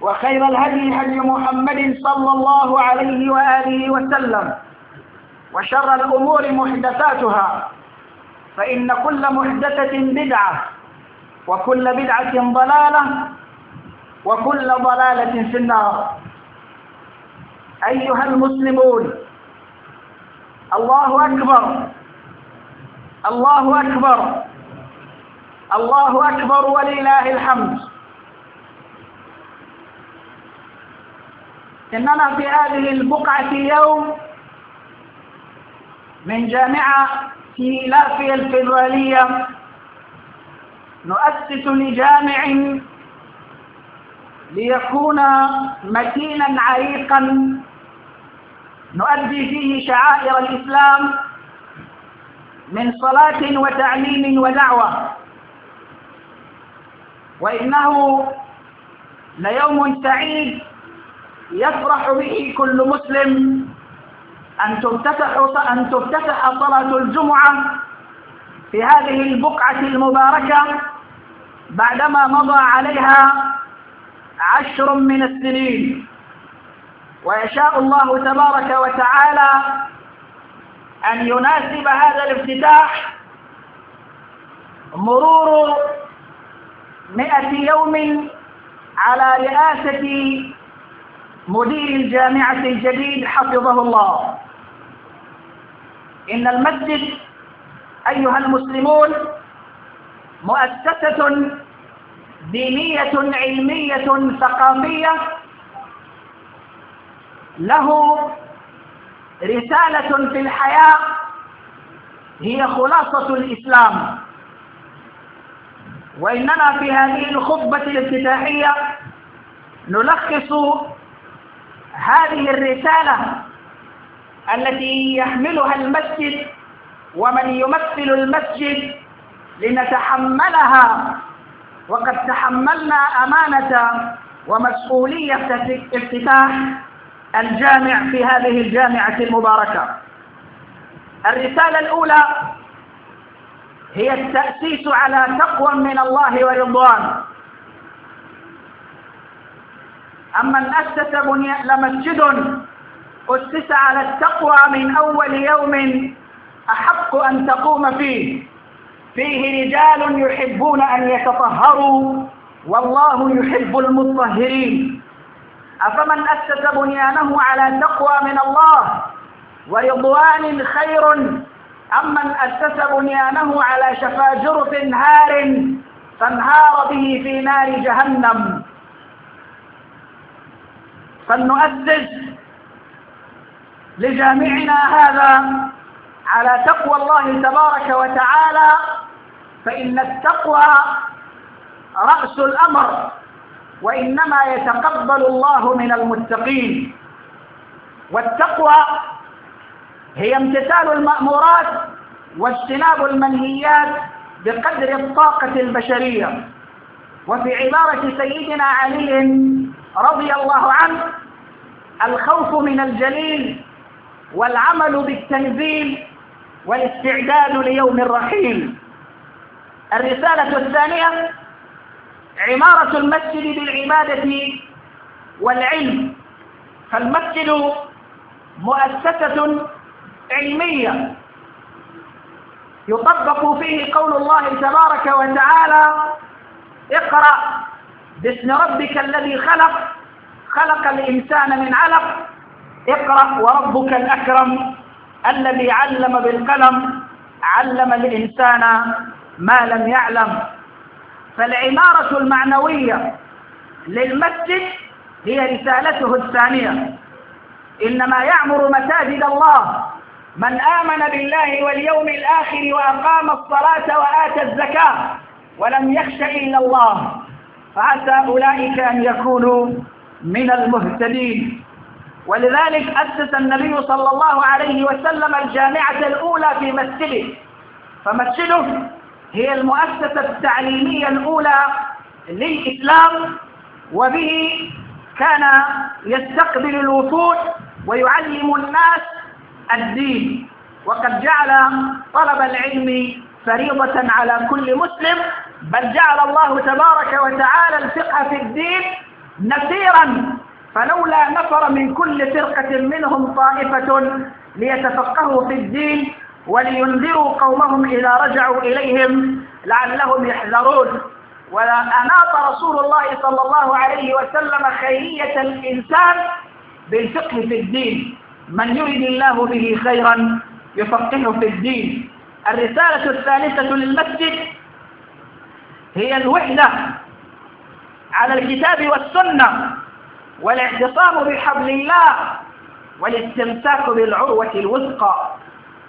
وخير الهدي هدي محمد صلى الله عليه وآله وسلم وشر الأمور محدثاتها فإن كل محدثة بدعة وكل بدعة ضلالة وكل ضلالة في النار أيها المسلمون الله أكبر الله أكبر الله أكبر ولله الحمد إننا في هذه البقعة اليوم من جامعة في لافيا الفيدرالية نؤسس لجامع ليكون متينا عريقا نؤدي فيه شعائر الإسلام من صلاة وتعليم ودعوة وإنه ليوم سعيد يفرح به كل مسلم أن تفتتح أن تفتتح صلاة الجمعة في هذه البقعة المباركة بعدما مضى عليها عشر من السنين ويشاء الله تبارك وتعالى أن يناسب هذا الافتتاح مرور مئة يوم على رئاسة مدير الجامعة الجديد حفظه الله إن المسجد أيها المسلمون مؤسسة دينية علمية ثقافية له رسالة في الحياة هي خلاصة الإسلام وإننا في هذه الخطبة الافتتاحية نلخص هذه الرسالة التي يحملها المسجد ومن يمثل المسجد لنتحملها وقد تحملنا أمانة ومسؤولية افتتاح الجامع في هذه الجامعة المباركة الرسالة الأولى هي التأسيس على تقوى من الله ورضوان أما أسس بني لمسجد أسس على التقوى من أول يوم أحق أن تقوم فيه فيه رجال يحبون أن يتطهروا والله يحب المطهرين أفمن أسس بنيانه على تقوى من الله ورضوان خير أم من أسس بنيانه على شفا جرف هار فانهار به في نار جهنم فلنؤسس لجامعنا هذا على تقوى الله تبارك وتعالى فإن التقوى رأس الأمر وإنما يتقبل الله من المتقين والتقوى هي امتثال المأمورات واجتناب المنهيات بقدر الطاقة البشرية وفي عبارة سيدنا علي رضي الله عنه الخوف من الجليل والعمل بالتنزيل والاستعداد ليوم الرحيل الرسالة الثانية عمارة المسجد بالعبادة والعلم فالمسجد مؤسسة علمية يطبق فيه قول الله تبارك وتعالى اقرأ باسم ربك الذي خلق خلق الإنسان من علق اقرأ وربك الأكرم الذي علم بالقلم علم الإنسان ما لم يعلم فالعمارة المعنوية للمسجد هي رسالته الثانية إنما يعمر مساجد الله من آمن بالله واليوم الآخر وأقام الصلاة وآتى الزكاة ولم يخش إلا الله فعسى أولئك أن يكونوا من المهتدين ولذلك أسس النبي صلى الله عليه وسلم الجامعة الأولى في مسجده فمسجده هي المؤسسة التعليمية الأولى للإسلام وبه كان يستقبل الوفود ويعلم الناس الدين وقد جعل طلب العلم فريضة على كل مسلم بل جعل الله تبارك وتعالى الفقه في الدين نسيرا فلولا نفر من كل فرقة منهم طائفة ليتفقهوا في الدين ولينذروا قومهم إذا رجعوا إليهم لعلهم يحذرون وأناط رسول الله صلى الله عليه وسلم خيرية الإنسان بالفقه في الدين من يريد الله به خيرا يفقهه في الدين الرسالة الثالثة للمسجد هي الوحدة على الكتاب والسنة والاعتصام بحبل الله والاستمساك بالعروة الوثقى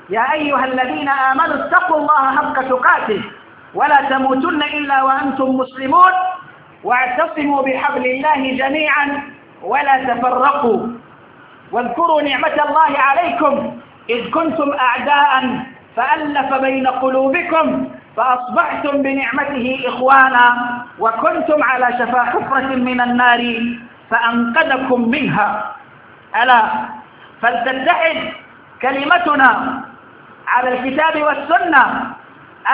يا أيها الذين آمنوا اتقوا الله حق تقاته ولا تموتن إلا وأنتم مسلمون واعتصموا بحبل الله جميعا ولا تفرقوا واذكروا نعمة الله عليكم إذ كنتم أعداء فألف بين قلوبكم فأصبحتم بنعمته إخوانا وكنتم على شفا حفرة من النار فأنقذكم منها ألا فلتتحد كلمتنا على الكتاب والسنة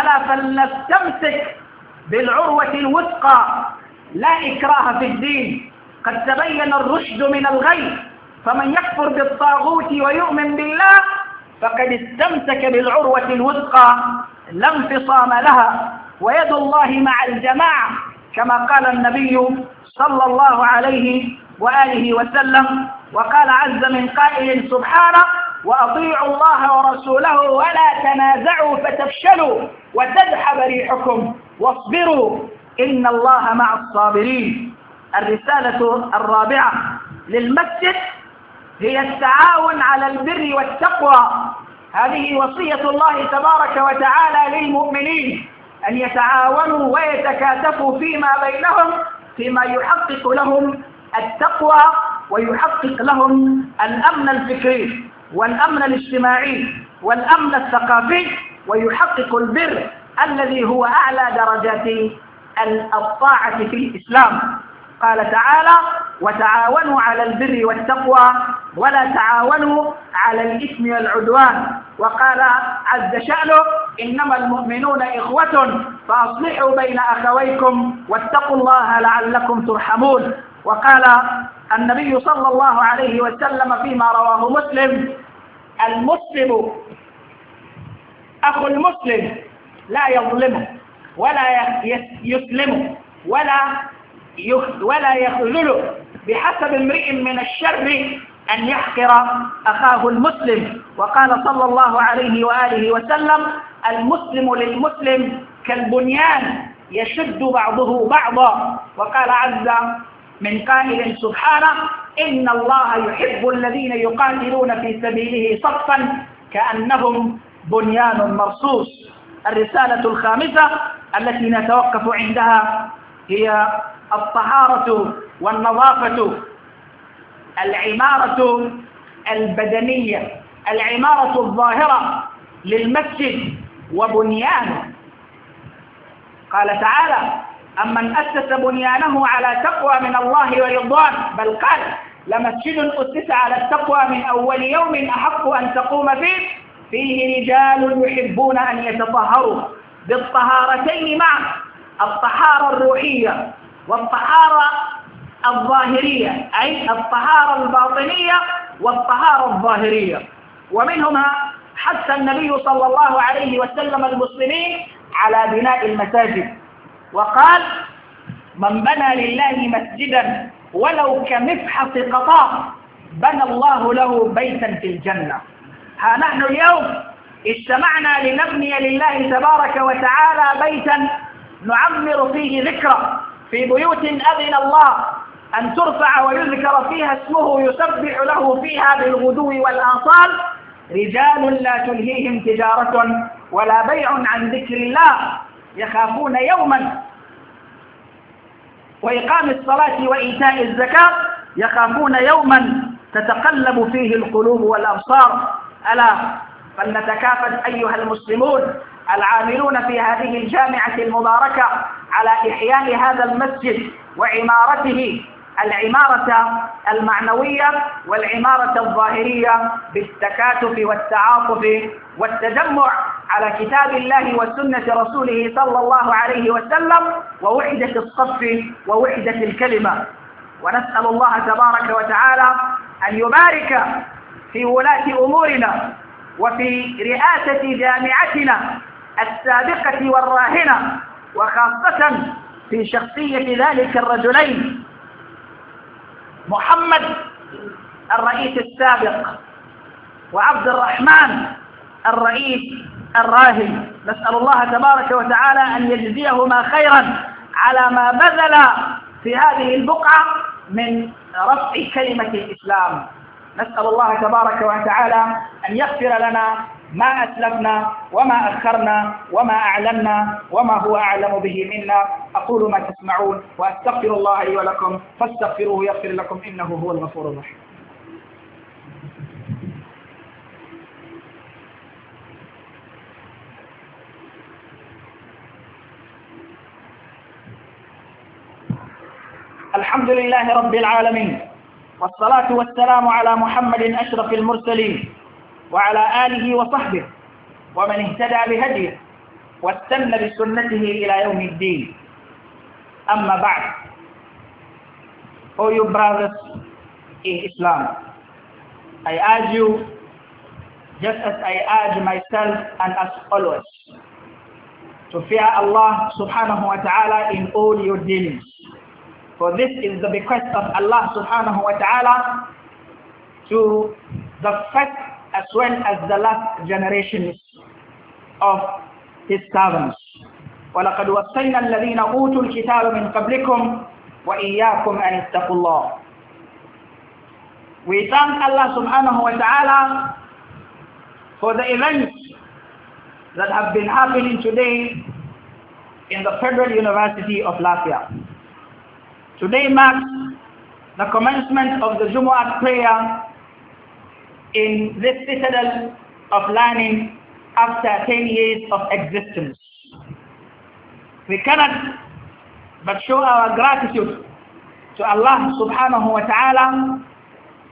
ألا فلنستمسك بالعروة الوثقى لا إكراه في الدين قد تبين الرشد من الغي فمن يكفر بالطاغوت ويؤمن بالله فقد استمسك بالعروة الوثقى لا انفصام لها ويد الله مع الجماعة كما قال النبي صلى الله عليه وآله وسلم وقال عز من قائل سبحانه وأطيعوا الله ورسوله ولا تنازعوا فتفشلوا وتذهب ريحكم واصبروا إن الله مع الصابرين الرسالة الرابعة للمسجد هي التعاون على البر والتقوى هذه وصية الله تبارك وتعالى للمؤمنين أن يتعاونوا ويتكاتفوا فيما بينهم فيما يحقق لهم التقوى ويحقق لهم الأمن الفكري والأمن الاجتماعي والأمن الثقافي ويحقق البر الذي هو أعلى درجات الطاعة في الإسلام قال تعالى وتعاونوا على البر والتقوى ولا تعاونوا على الإثم والعدوان وقال عز شأنه إنما المؤمنون إخوة فأصلحوا بين أخويكم واتقوا الله لعلكم ترحمون وقال النبي صلى الله عليه وسلم فيما رواه مسلم المسلم أخو المسلم لا يظلمه ولا يسلمه ولا يخذ ولا يخذله بحسب امرئ من الشر أن يحقر أخاه المسلم وقال صلى الله عليه وآله وسلم المسلم للمسلم كالبنيان يشد بعضه بعضا وقال عز من قائل سبحانه إن الله يحب الذين يقاتلون في سبيله صفا كأنهم بنيان مرصوص الرسالة الخامسة التي نتوقف عندها هي الطهارة والنظافة العمارة البدنية العمارة الظاهرة للمسجد وبنيانه قال تعالى أمن أسس بنيانه على تقوى من الله ورضوان بل قال لمسجد أسس على التقوى من أول يوم أحق أن تقوم فيه فيه رجال يحبون أن يتطهروا بالطهارتين معا الطهارة الروحية والطهارة الظاهرية أي الطهارة الباطنية والطهارة الظاهرية ومنهما حث النبي صلى الله عليه وسلم المسلمين على بناء المساجد وقال من بنى لله مسجدا ولو كمفحص قطاع بنى الله له بيتا في الجنة ها نحن اليوم اجتمعنا لنبني لله تبارك وتعالى بيتا نعمر فيه ذكرى في بيوت أذن الله أن ترفع ويذكر فيها اسمه يسبح له فيها بالغدو والآصال رجال لا تلهيهم تجارة ولا بيع عن ذكر الله يخافون يوما وإقام الصلاة وإيتاء الزكاة يخافون يوما تتقلب فيه القلوب والأبصار ألا فلنتكافد أيها المسلمون العاملون في هذه الجامعة المباركة على إحياء هذا المسجد وعمارته العمارة المعنوية والعمارة الظاهرية بالتكاتف والتعاطف والتجمع على كتاب الله وسنة رسوله صلى الله عليه وسلم ووحدة الصف ووحدة الكلمة ونسأل الله تبارك وتعالى أن يبارك في ولاة أمورنا وفي رئاسة جامعتنا السابقة والراهنة وخاصة في شخصية ذلك الرجلين محمد الرئيس السابق وعبد الرحمن الرئيس الراهن نسأل الله تبارك وتعالى أن يجزيهما خيرا على ما بذل في هذه البقعة من رفع كلمة الإسلام نسأل الله تبارك وتعالى أن يغفر لنا ما أسلمنا وما أخرنا وما أعلنا وما هو أعلم به منا أقول ما تسمعون وأستغفر الله لي ولكم فاستغفروه يغفر لكم إنه هو الغفور الرحيم الحمد لله رب العالمين والصلاة والسلام على محمد أشرف المرسلين وعلى آله وصحبه ومن اهتدى بهديه واستنى بسنته إلى يوم الدين أما بعد all oh, you brothers in Islam I urge you just as I urge myself and as always to fear Allah subhanahu wa ta'ala in all your dealings for this is the bequest of Allah subhanahu wa ta'ala to the first as well as the last generations of his servants. وَلَقَدْ وَصَّيْنَا الَّذِينَ أُوتُوا الْكِتَابَ مِنْ قَبْلِكُمْ وَإِيَّاكُمْ أَنِ اتَّقُوا اللَّهِ We thank Allah subhanahu wa ta'ala for the events that have been happening today in the Federal University of Latvia. Today marks the commencement of the Jumu'at prayer in this citadel of learning after 10 years of existence. We cannot but show our gratitude to Allah subhanahu wa ta'ala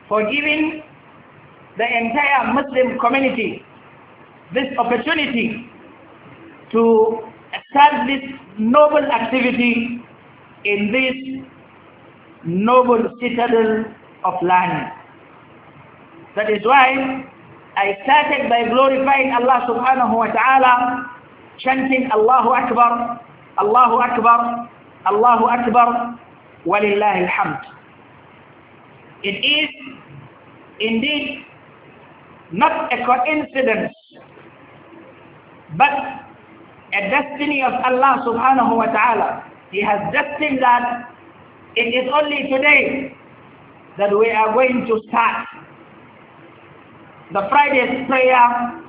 for giving the entire Muslim community this opportunity to establish noble activity in this noble citadel of learning. That is why I started by glorifying Allah subhanahu wa ta'ala, chanting Allahu Akbar, Allahu Akbar, Allahu Akbar, walillahi alhamd. It is indeed not a coincidence, but a destiny of Allah subhanahu wa ta'ala. He has destined that it is only today that we are going to start the Friday's prayer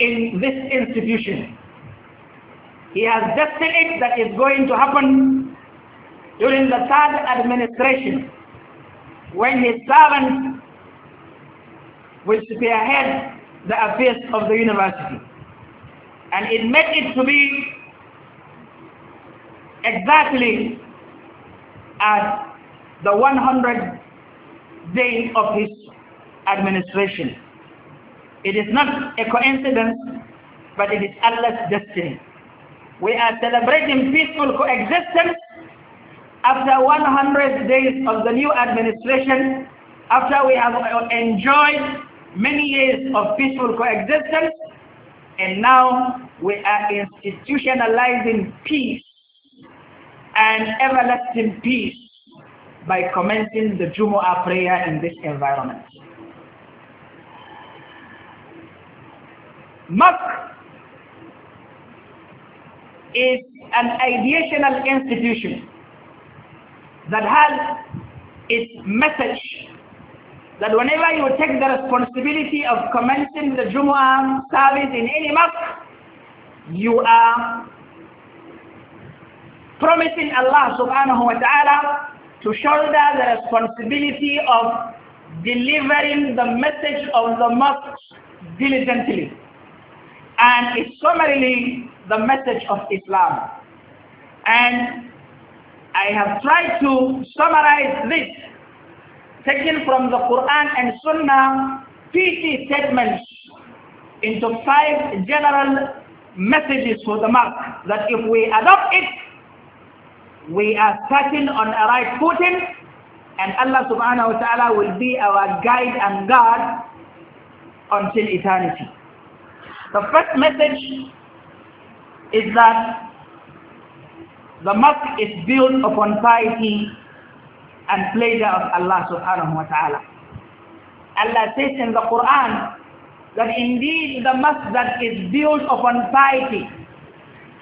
in this institution. He has destined it that is going to happen during the third administration when his servant will spearhead the affairs of the university. And it made it to be exactly at the 100th day of his administration. It is not a coincidence, but it is Allah's destiny. We are celebrating peaceful coexistence after 100 days of the new administration, after we have enjoyed many years of peaceful coexistence, and now we are institutionalizing peace and everlasting peace by commencing the Jumu'ah prayer in this environment. Makr is an ideational institution that has its message that whenever you take the responsibility of commencing the Jumu'ah service in any mosque, you are promising Allah subhanahu wa ta'ala to shoulder the responsibility of delivering the message of the mosque diligently and it's summarily the message of Islam. And I have tried to summarize this, taken from the Quran and Sunnah PT statements into five general messages for the mark that if we adopt it, we are starting on a right footing and Allah subhanahu wa ta'ala will be our guide and guard until eternity. The first message is that the mosque is built upon piety and pleasure of Allah subhanahu wa ta'ala. Allah says in the Quran that indeed the mosque that is built upon piety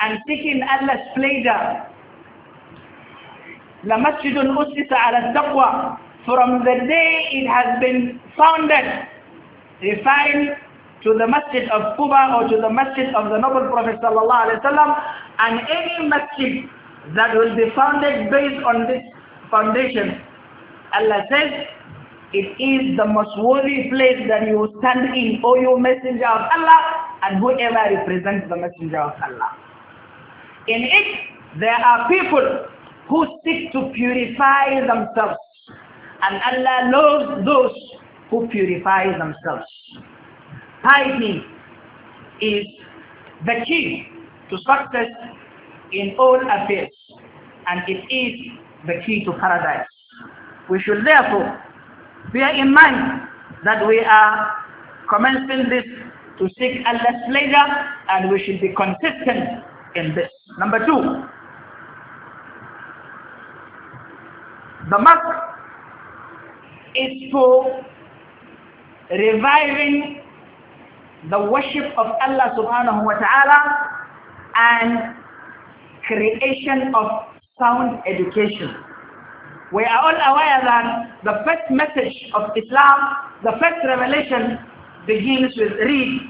and seeking Allah's pleasure La masjidun usisa ala taqwa from the day it has been founded refined to the masjid of Quba or to the masjid of the noble Prophet sallallahu and any masjid that will be founded based on this foundation. Allah says, it is the most worthy place that you stand in, O you messenger of Allah, and whoever represents the messenger of Allah. In it, there are people who seek to purify themselves, and Allah loves those who purify themselves piety is the key to success in all affairs and it is the key to paradise. We should therefore bear in mind that we are commencing this to seek Allah's pleasure and we should be consistent in this. Number two, the mark is for reviving the worship of Allah subhanahu wa ta'ala and creation of sound education. We are all aware that the first message of Islam, the first revelation begins with read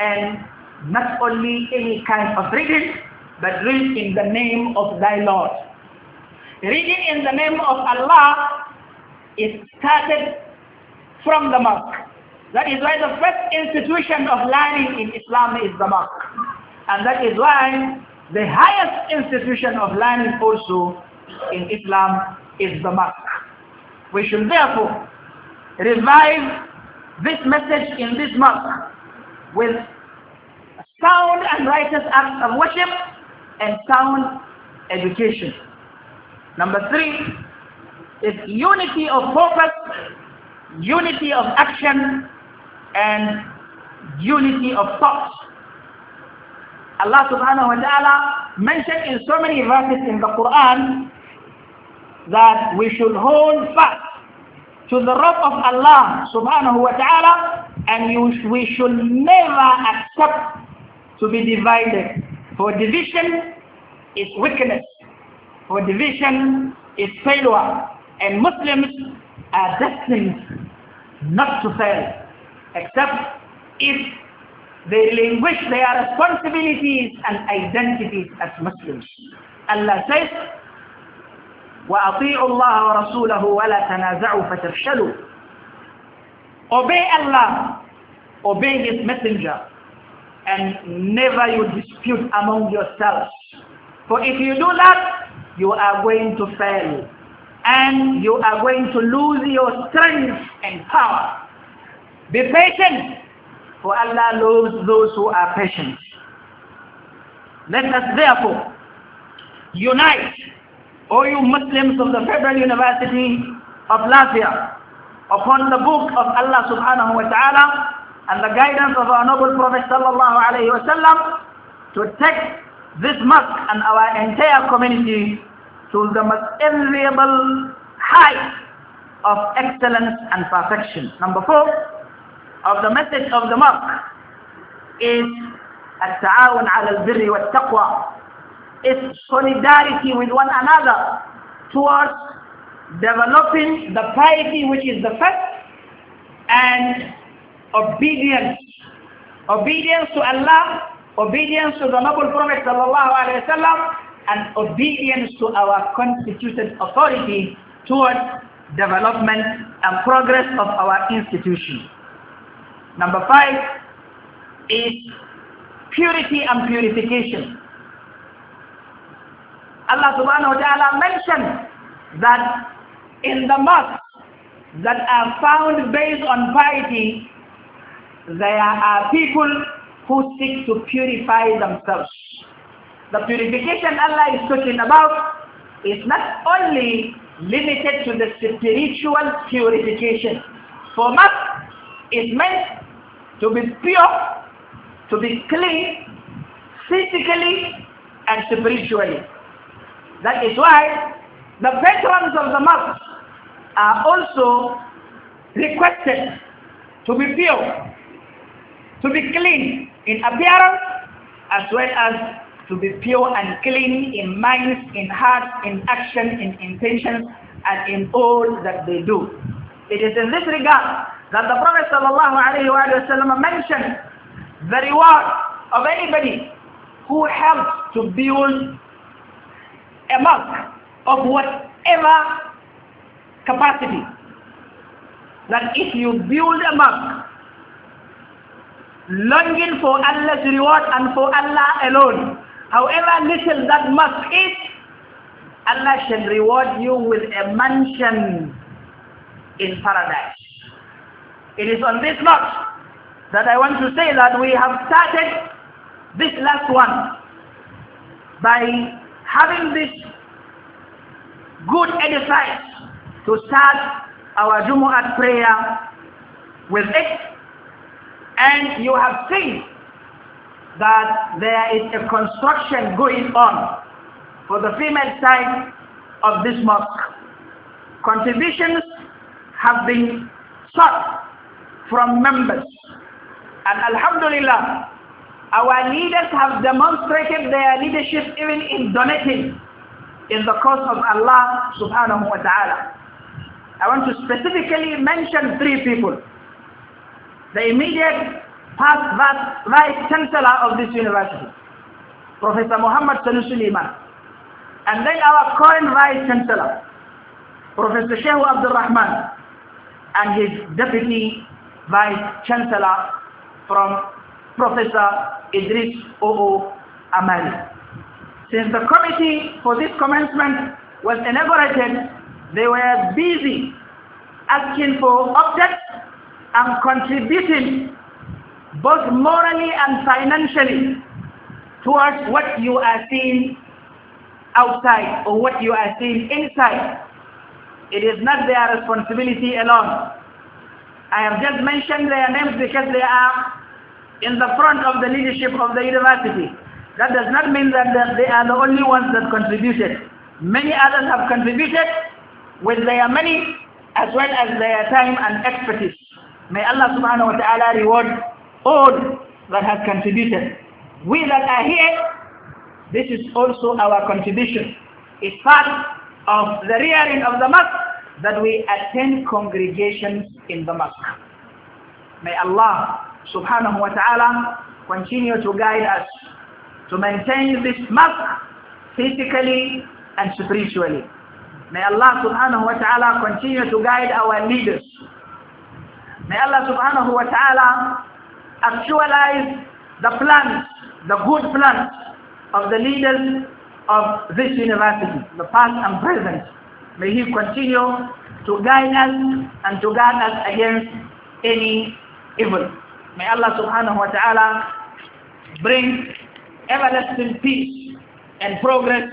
and not only any kind of reading, but read in the name of thy Lord. Reading in the name of Allah is started from the mosque. That is why the first institution of learning in Islam is the mosque. And that is why the highest institution of learning also in Islam is the mosque. We should therefore revive this message in this mosque with sound and righteous acts of worship and sound education. Number three is unity of purpose, unity of action, and unity of thought. Allah subhanahu wa ta'ala mentioned in so many verses in the Quran that we should hold fast to the rope of Allah subhanahu wa ta'ala and we should never accept to be divided. For division is weakness. For division is failure. And Muslims are destined not to fail except if they relinquish their responsibilities and identities as Muslims. Allah says, وَأَطِيعُوا اللَّهَ وَرَسُولَهُ وَلَا تَنَازَعُوا فَتَفْشَلُوا Obey Allah, obey His Messenger, and never you dispute among yourselves. For if you do that, you are going to fail, and you are going to lose your strength and power. Be patient, for Allah loves those who are patient. Let us therefore unite, O you Muslims of the Federal University of Latvia, upon the book of Allah subhanahu wa ta'ala and the guidance of our noble Prophet sallallahu alayhi wa to take this mosque and our entire community to the most enviable height of excellence and perfection. Number four, of the message of the monk is التعاون على البر والتقوى It's solidarity with one another towards developing the piety which is the first and obedience. Obedience to Allah, obedience to the noble Prophet sallallahu and obedience to our constituted authority towards development and progress of our institution. Number five is purity and purification. Allah subhanahu wa ta'ala mentioned that in the mosques that are found based on piety, there are people who seek to purify themselves. The purification Allah is talking about is not only limited to the spiritual purification. For mosque, it meant to be pure, to be clean, physically and spiritually. That is why the veterans of the mosque are also requested to be pure, to be clean in appearance as well as to be pure and clean in mind, in heart, in action, in intentions and in all that they do. It is in this regard that the Prophet ﷺ mentioned the reward of anybody who helps to build a mosque of whatever capacity. That if you build a mosque longing for Allah's reward and for Allah alone, however little that mosque is, Allah shall reward you with a mansion in paradise. It is on this note that I want to say that we have started this last one by having this good edifice to start our Jumu'at prayer with it and you have seen that there is a construction going on for the female side of this mosque. Contributions have been sought from members. And Alhamdulillah, our leaders have demonstrated their leadership even in donating in the cause of Allah subhanahu wa ta'ala. I want to specifically mention three people. The immediate past vice chancellor of this university, Professor Muhammad Sanusi Liman. And then our current vice chancellor, Professor Sheikh Abdul Rahman, and his deputy Vice Chancellor from Professor Idris O.O. Amali. Since the committee for this commencement was inaugurated, they were busy asking for objects and contributing both morally and financially towards what you are seeing outside or what you are seeing inside. It is not their responsibility alone I have just mentioned their names because they are in the front of the leadership of the university. That does not mean that they are the only ones that contributed. Many others have contributed with their money as well as their time and expertise. May Allah subhanahu wa ta'ala reward all that has contributed. We that are here, this is also our contribution. It's part of the rearing of the mosque that we attend congregations in the mosque. May Allah subhanahu wa ta'ala continue to guide us to maintain this mosque physically and spiritually. May Allah subhanahu wa ta'ala continue to guide our leaders. May Allah subhanahu wa ta'ala actualize the plans, the good plans of the leaders of this university, the past and present. May He continue to guide us and to guard us against any evil. May Allah subhanahu wa ta'ala bring everlasting peace and progress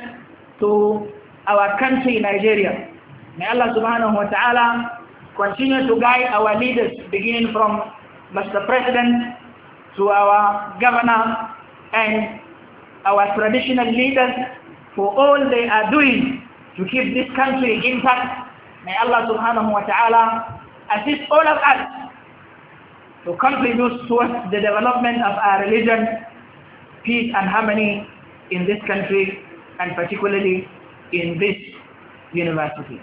to our country, Nigeria. May Allah subhanahu wa ta'ala continue to guide our leaders, beginning from Mr. President to our governor and our traditional leaders for all they are doing to keep this country intact. May Allah subhanahu wa ta'ala assist all of us to contribute towards the development of our religion, peace and harmony in this country and particularly in this university.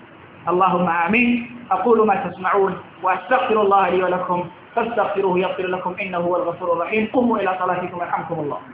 اللهم آمين أقول ما تسمعون وأستغفر الله لي ولكم فاستغفروه يغفر لكم إنه هو الغفور الرحيم قوموا إلى صلاتكم يرحمكم الله